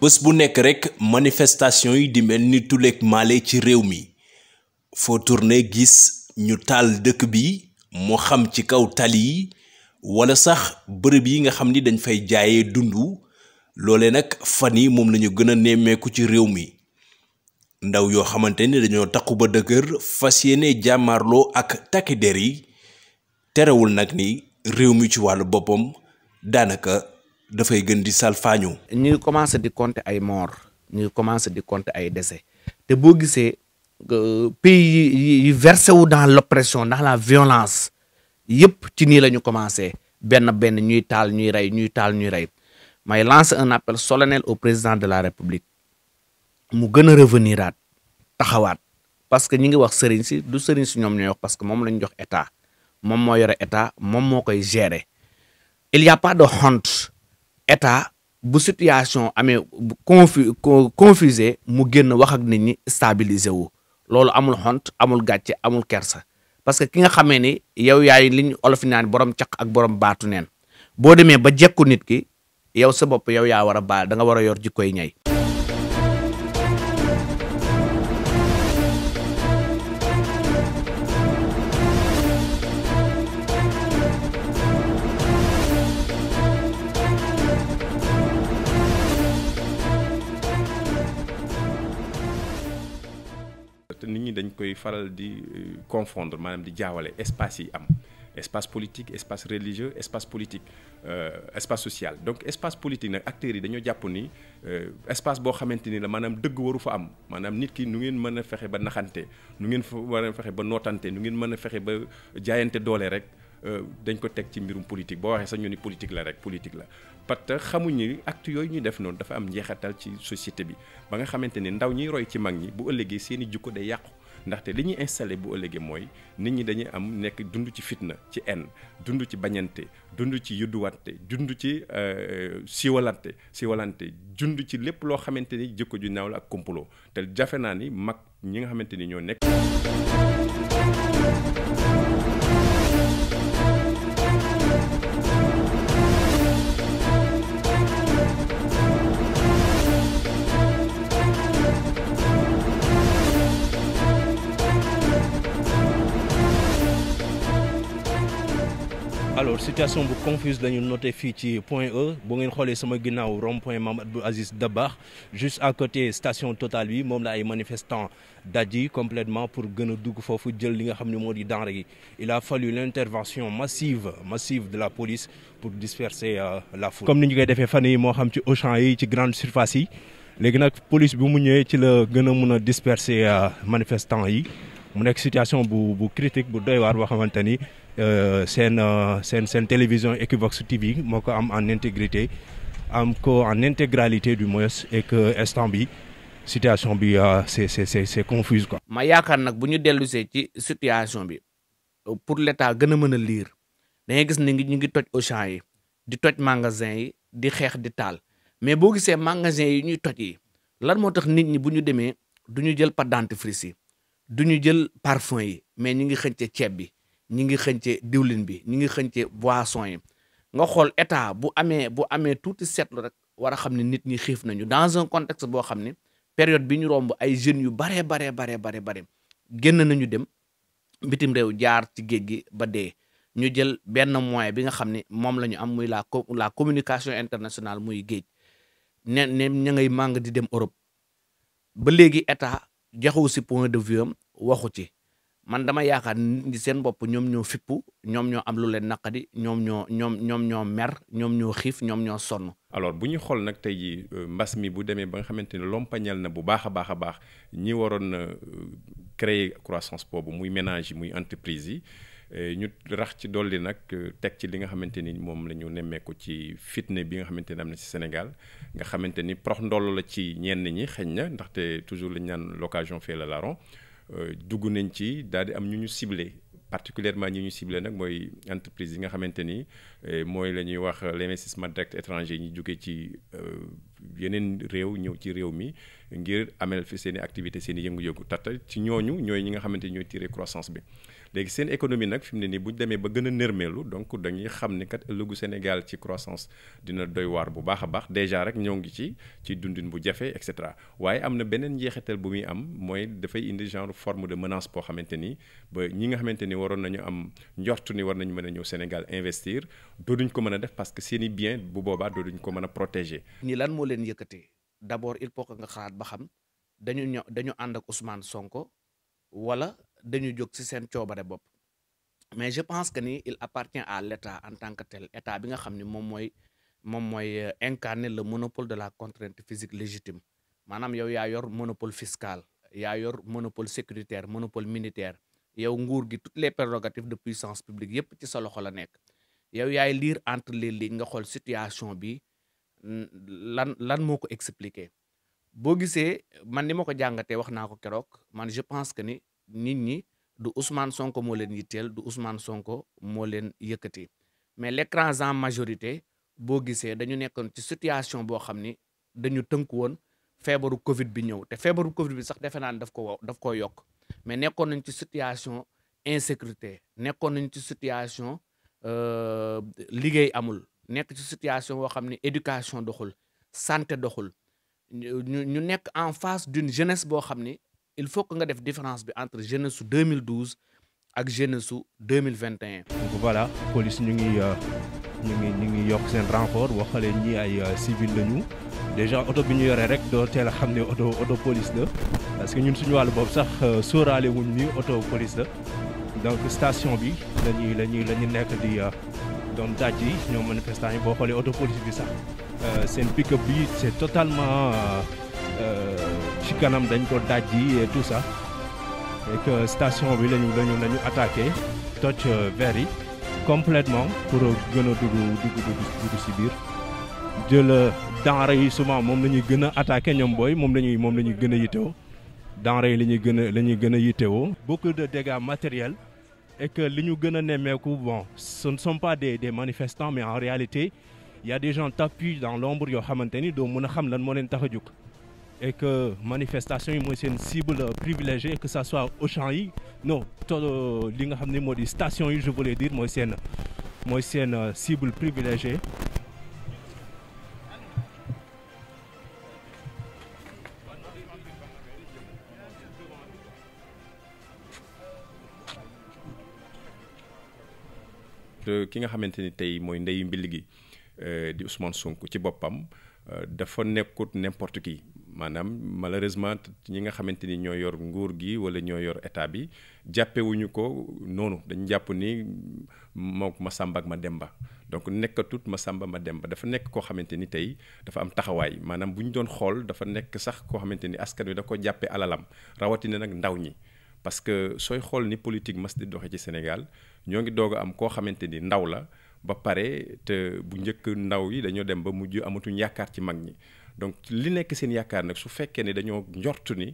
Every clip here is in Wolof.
bés bu nekk rek manifestation yi di mel ni tuleeg maale ci réew mi foo tourné gis ñu taal dëkk bi moo xam ci kaw tali yi wala sax bërëb yi nga xam ni dañ fay jaaye dundu loole nag fan yi moom la ñu gën a nemmeeku ci réew mi ndaw yoo xamante ni dañoo takku ba dëgër fas yéene jàmmaarloo ak takki der yi terewul nag ni réew mi ci wàllu boppam daanaka dafay gën di salfaañu. ñu ngi commencé di compter ay morts ñu ngi commencé di compter ay décès te boo gisee pays yi yi versé wu dans l'oppression dans la violence yëpp ci nii la ñu commencé benn benn ñuy taal ñuy rey ñuy taal ñuy rey may lance un appel solennel au président de la république mu gën a revenir aat taxawaat parce que ñi ngi wax sëriñ si du sëriñ si ñoom ñooy parce que moom la ñu jox état moom moo état moom moo koy gere il y pas de honte état bu situation amee confu confusé mu génn wax ak nit ñi stabiliser wu loolu amul xont amul gàcce amul kersa parce que ki nga xamee ni yow yaay liñ olof naan borom caq ak borom baatu neen boo demee ba jekku nit ki yow sa bopp yow yaa war a baal da nga war a yor jikkoy ñay koy faral di euh, confondre maanaam di jaawale espace yi am espace politique espace religieux espace politique euh, espace social donc espace politique nag acteurs yi dañoo jàpp ni euh, espace boo xamante ni la maanaam dëgg waru fa am maanaam nit ki nu ngeen mën a fexe ba naxante nu ngeen fa war a fexe ba nootante nu ngeen mën a fexe ba jaayante doole rek dañ ko teg ci mbirum politique boo waxee sax ñu ni la rek politique la parce que xamuñ ni acte yooyu ñu def noonu dafa am njeexital ci société bi ba nga xamante ni ndaw ñiy roy ci mag ñi bu ëllëgee seen i jukko day yàqu ndaxte li ñuy installé bu ëllëgee mooy nit ñi dañuy am nekk dund ci fitna ci en dund ci bañante dund ci yudduwante dund ci euh, siwalante siwalante dund ci lépp loo xamante ni jikko ju naaw la ak complot te jafe naa ni mag ñi nga xamante ni ñoo nekk. alors situation bu confuse la ñu fii ci point E bu ngeen xoolee sama ginnaaw rond point Mamadou Aziz Dabakh juste à côté station Total bi moom la ay daj daji completement pour gën a dugg foofu jël li nga xam ne moo di denrée yi il a fallu l'intervention massive massive de la police pour disperser euh, la foule. comme ni ñu koy defee fan yi moo xam ci Auchan yi ci grande surface yi léegi nag police bi mu ñëwee ci la gën a mun a disperser euh, manifestants yi mu nekk situation bu bu critique bu doy boo xamante ni. Euh, seen euh, seen seen télévision Equivox TV moo ko am en intégrité am ko en intégralité du moins et que instant bi situation bi euh, c'est c'est c'est c'est confuse quoi. ma yaakaar nag bu ñu dellusee ci situation bi pour l'État gën a mën a liir dangay gis ni ñu ngi toj au Auchan yi di toj magasin yi di xeex di taal mais boo gisee magasin yi ñuy toj yi lan moo tax nit ñi bu ñu demee du ñu jël pâte dentifrice yi du ñu jël parfum yi mais ñu ngi xëcce ceeb bi ñi ngi xëncee diwlin bi ñi ngi xëncee boisson yi nga xool état bu amee bu amee tuuti seetlu rek war a xam ne nit ñi xiif nañu dans un contexte boo xam ne période bi ñu romb ay jeunes yu baree baree baree baree bare génn nañu dem bitim réew jaar ci géej gi ba dee ñu jël benn moyen bi nga xam ni moom la ñu am muy la la communication internationale muy géej ne ne ña ngay màng di dem Europe ba léegi état joxewu si point de vue am waxu ci man dama yaakaar ni seen bopp ñoom ñoo fippu ñoom ñoo am lu leen naqadi ñoom ñoo ñoom ñoom ñoo mer ñoom ñoo xiif ñoom ñoo sonn. alors bu ñu xool nag tey jii euh, mbas mi bu demee ba nga xamante ne lompañal na bu baax a baax a baax ñi waroon na euh, créer croissance boobu muy ménage yi muy entreprise yi. Euh, ñu rax ci dolli nag teg ci li nga xamante ni moom la ñu nemmeeku ci fitne bi nga xamante ni am na ci Sénégal nga xamante ni prox ndoll la ci ñenn ñi xëñ na ndaxte toujours lañ naan l'occasion fait le larron Euh, dugg nañ ci daal di am ñu ñu ciblé particulièrement ñi ñu ciblé nag mooy entreprise yi nga xamante ni eh, mooy la ñuy wax euh, l'investissement direct étranger ñu jógee ci euh, yeneen réew ñëw ci réew mi ngir amel fi seen i activité seen i yëngu-yëngu tata ci ñooñu ñooy ñi nga xamante ni ñooy tiré croissance bi léegi seen économie nag fi mu ne nii bu ñu demee ba gën a nërmeelu donc dañuy xam ni kat ëllëgu Sénégal ci croissance dina doy waar bu baax a baax déjà rek ñoo ngi ci ci dundin bu jafe et cetera waaye am na beneen njeexital bu muy am mooy dafay indi genre forme de menace boo xamante ni ba ñi nga xamante ni waroon nañu am njortu ni war nañu mën a ñëw Sénégal investir dooduñ ko mën a def parce que seen i bien bu boobaa dooduñ ko mën a protéger. ni lan moo leen yëkkatee d'abord il faut que nga xalaat ba xam dañu ño dañu ànd ak Sonko wala dañu jóg si seen coobare bopp mais je pense que ni il appartient à l'État en tant que tel état bi nga xam ni moom mooy moom mooy euh, incarner le monopole de la contrainte physique légitime maanaam yow yaa yor monopole fiscal yaa yor monopole sécuritaire monopole militaire yow nguur gi toutes les prérogatives de puissance publique yépp ci sa loxo la nekk yow yaay liir entre les lii nga xool situation bi lan lan moo ko expliquer boo gisee man ni ma ko jàngatee wax naa ko keroog nit ñi du Ousmane Sonko moo leen yitteel du Ousmane Sonko moo leen yëkkati mais l'écrasante majorité boo gisee dañu nekkoon ci situation boo xam ni dañu tënk woon feebaru Covid bi ñëw te feebaru Covid bi sax defe naa ne daf ko daf ko yokk mais nekkoon nañ ci situation insécurité nekkoon nañ ci situation euh, liggéey amul nekk ci situation woo xam ni éducation doxul santé doxul ñu nekk en face d'une jeunesse boo xam ni il faut que nga def différence bi entre jeunesse su 2012 ak jeunesse su 2021. donc voilà police ñu ngi euh, ñu ngi ñu ngi yokk seen renfort boo xoolee ñii ay euh, civil lañu déjà oto bi ñu yoree rek doo teel a xam ne auto auto police la parce que ñun suñu wàllu boobu sax euh, sóoraale wuñ ni oto police la donc station bi la ñuy la ñuy la nekk di doon daj yi ñoo manifestant yi boo xoolee oto police bi sax seen pick-up bi c'est totalement. Euh, ci kanam dañ ko dajji et tout ça et que station bi lañu lañu la attaqué toj euh, verre yi complètement pour gën a dugg dugg dugg si biir jël euh, denrée yi souvent moom la ñuy gën a attaqué ñoom booy moom la ñuy moom la ñuy gën a yittewoo denrée yi la ñuy gën a la ñuy gën a yittewoo beaucoup de dégâts matériels et que li ñu gën a nemmeeku bon ce ne sont pas des des manifestants mais en réalité il y a des gens tapis dans l'ombre yoo xamante ni doo mën a xam lan moo leen tax a jóg et que manifestation yi mooy seen cible privilégiée que ça soit Auchan yi non tol li nga xam ne moo di station yi je voulais dire mooy seen mooy seen euh, cible privilégiée ki nga xamante ni tey mooy ndeyu mbill gi euh, di Ousmane Sonko ci boppam euh, dafa nekkut n'importe qui maanaam malheureusement ñi nga xamante ni ñoo yor nguur gi wala ñoo yor état bi jàppewuñu ko noonu dañ jàpp ni mook ma sàmba ak ma demba donc nekkatut ma sàmba ma demba dafa nekk koo xamante ni tey dafa taxawaay maanaam bu ñu doon xool dafa nekk sax koo xamante ni askan wi da ko jàppee alalam rawatina nag ndaw ñi parce que sooy xool ni politique mas di doxe ci Sénégal ñoo ngi doog a am koo xamante ni ndaw la ba pare te bu njëkk ndaw yi dañoo dem ba mujj amatuñ yaakaar ci mag ñi donc li nekk seen yaakaar nag su fekkee ne dañoo njortu ni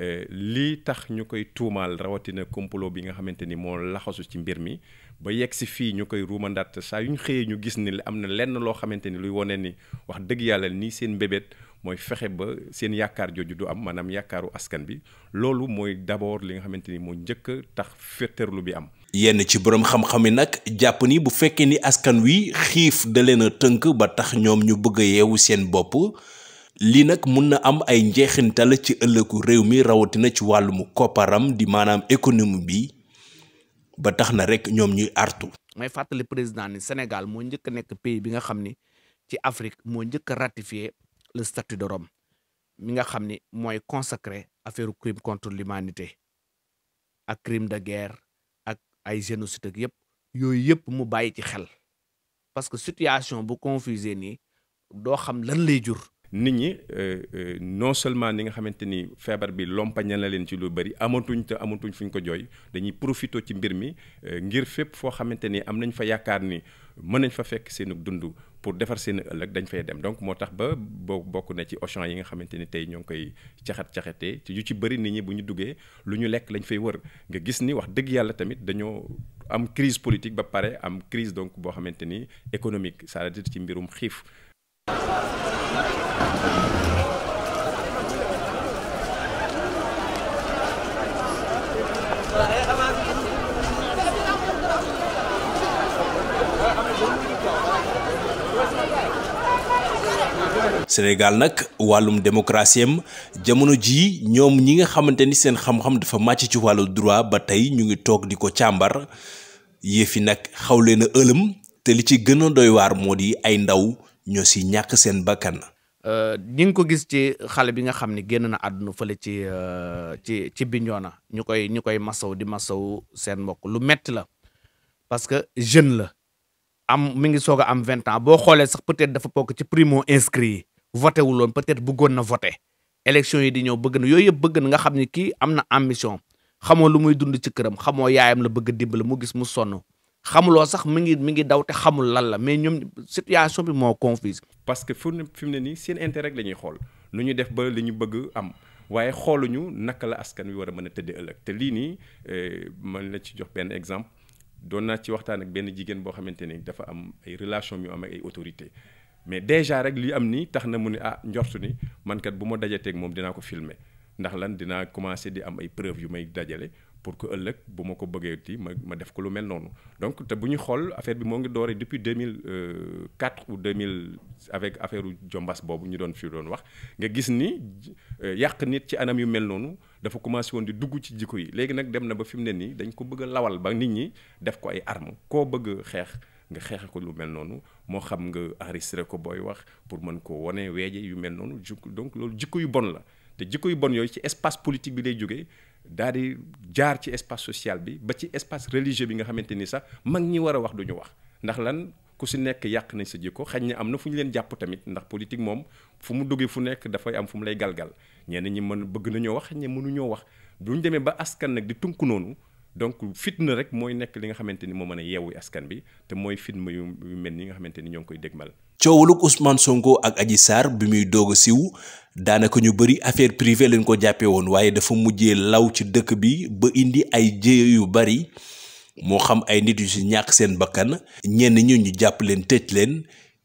euh, lii tax ñu koy tuumaal rawatina complot bi nga xamante ni moo laxasu ci mbir mi ba yegg si fii ñu koy ruumandaat saa yu ñu xëyee ñu gis ni am na lenn loo xamante ni luy wone ni wax dëgg yàlla nii seen mbébét mooy fexe ba seen yaakaar jooju du am maanaam yaakaaru askan bi loolu mooy d'abord li nga xamante ni moo njëkk tax féeterlu bi am. yenn ci boroom xam-xam yi nag jàpp ni bu fekkee ni askan wi xiif da leen a tënk ba tax ñoom ñu bëgg a yeewu seen bopp. lii nag mun na am ay njeexintal ci ëllëgu réew mii rawatina ci wàllum kopparam di maanaam économie bi ba tax na rek ñoom ñuy artu. may fàttali président ni Sénégal moo njëkk nekk pays bi nga xam ni ci Afrique moo njëkk a ratifié le statut de Rome mi nga xam ni mooy consacré affaire crime contre l'humanité ak crime de guerre ak ay génocide ak yëpp yooyu yëpp mu bàyyi ci xel parce que situation bu confusé nii doo xam lan lay jur. nit ñi euh, euh, non seulement ni nga xamante ni feebar bi lompañal na leen ci lu bëri amatuñ te amatuñ fu ñu ko jooy dañuy profité ci mbir mi euh, ngir fépp foo xamante ni am nañ fa yaakaar ni mën nañ fa fekk seen dund pour defar seen ëllëg dañ fay dem donc moo tax ba boo bokk na ci Auchan yi nga xamante ni tey ñoo ngi koy caxat caxatee yu ci bëri nit ñi bu ñu duggee lu ñu lekk lañ fay wër nga gis ni wax dëgg yàlla tamit dañoo am crise politique ba pare am crise donc boo xamante ni économique cest ci mbirum xiif. Sénégal nag wàllum démocratie jamono ji ñoom ñi nga xamante ni seen xam-xam dafa màcc ci wàllu droit ba tey ñu ngi toog di ko càmbar yëf nag xaw leen ëlëm te li ci gëna a doy waar moo di ay ndaw ñoo si ñàkk seen bakkan. ñi euh, ngi ko gis ci xale bi nga xam ne génn na àdduna fële ci euh, ci ci Bignona ñu koy ñu koy masaw di masaw seen mbokk lu metti la parce que jeune la am mi ngi soog a am vingt ans boo xoolee sax peut dafa bokk ci primo inscrit yi voté wu loon peut-être bëggoon na voté élection yi di ñëw bëgg na yooyu yëpp bëgg na nga xam ni kii am na ambition xamoo lu muy dund ci këram xamoo yaayam la bëgg la mu gis mu sonn xamuloo sax mi ngi mi ngi daw te xamul lan la mais ñoom situation bi moo confuse parce que fu fi mu ne nii seen intérêt rek la ñuy xool nu ñu def ba li ñu bëgg am waaye xoolu ñu naka la askan wi war a mën a tëdde ëllëg te lii nii eh, mën la ci jox benn exemple doon naa ci waxtaan ak benn jigéen boo xamante ni dafa am ay relation ñu am ak ay autorité mais déjà rek li am nii tax na mu ne ah njortu ni man kat bu ma dajateeg moom dinaa ko filmer ndax lan dinaa commencer di am ay preuves yu may pour que ëllëg bu ma ko bëggee ti ma ma def ko lu mel noonu donc te bu ñu xool affaire bi moo ngi dooree depuis 2004 euh, ou mille avec affaire jombas boobu ñu doon fi doon wax nga gis ni euh, yàq nit ci anam yu mel noonu dafa commencé woon di dugg ci jikko yi léegi nag dem na ba fi mu ne nii dañ ko bëgg lawal ba nit ñi def ko ay arme koo bëgg xeex nga xeexe ko lu mel noonu moo xam nga enregistré ko booy wax pour mën ko wone weeje yu mel noonu donc loolu jikko yu bon la te jikko yu bon yooyu ci espace politique bi lay jógee daal di jaar ci espace social bi ba ci espace religieux bi nga xamante ni sax mag ñi war a wax duñu wax ndax lan ku si nekk yàq nañ sa jikko xañ ne am na fu ñu leen jàpp tamit ndax politique moom fu mu duggee fu nekk dafay am fu mu lay galgal ñeen ñi mën bëgg nañoo wax ñe mënuñoo wax du ñu demee ba askan nag di tunk noonu donc fitna rek mooy nekk li nga xamante ni moo mën a yeewu askan bi te mooy fitna yu mel ni nga xamante ni ñoo ngi koy dégmal. coowaluk Ousmane Sonko ak Adji Sarr bi muy doog a daanaka ñu bëri affaire privée lañ ko jàppee woon waaye dafa mujjee law ci dëkk bi ba indi ay jéye yu bari moo xam ay nit yu ci ñàkk seen bakkan. ñenn ñi ñu jàpp leen tëj leen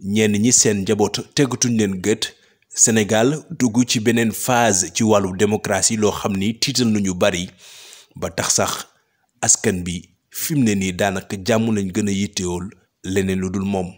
ñenn ñi seen njaboot teggatuñ leen gët. Sénégal dugg ci beneen phase ci wàllu démocratie loo xam ni tiital nañu bari ba tax sax. askan bi fi mu ne nii daanaka jàmm lañ gën a yittewool leneen lu dul moom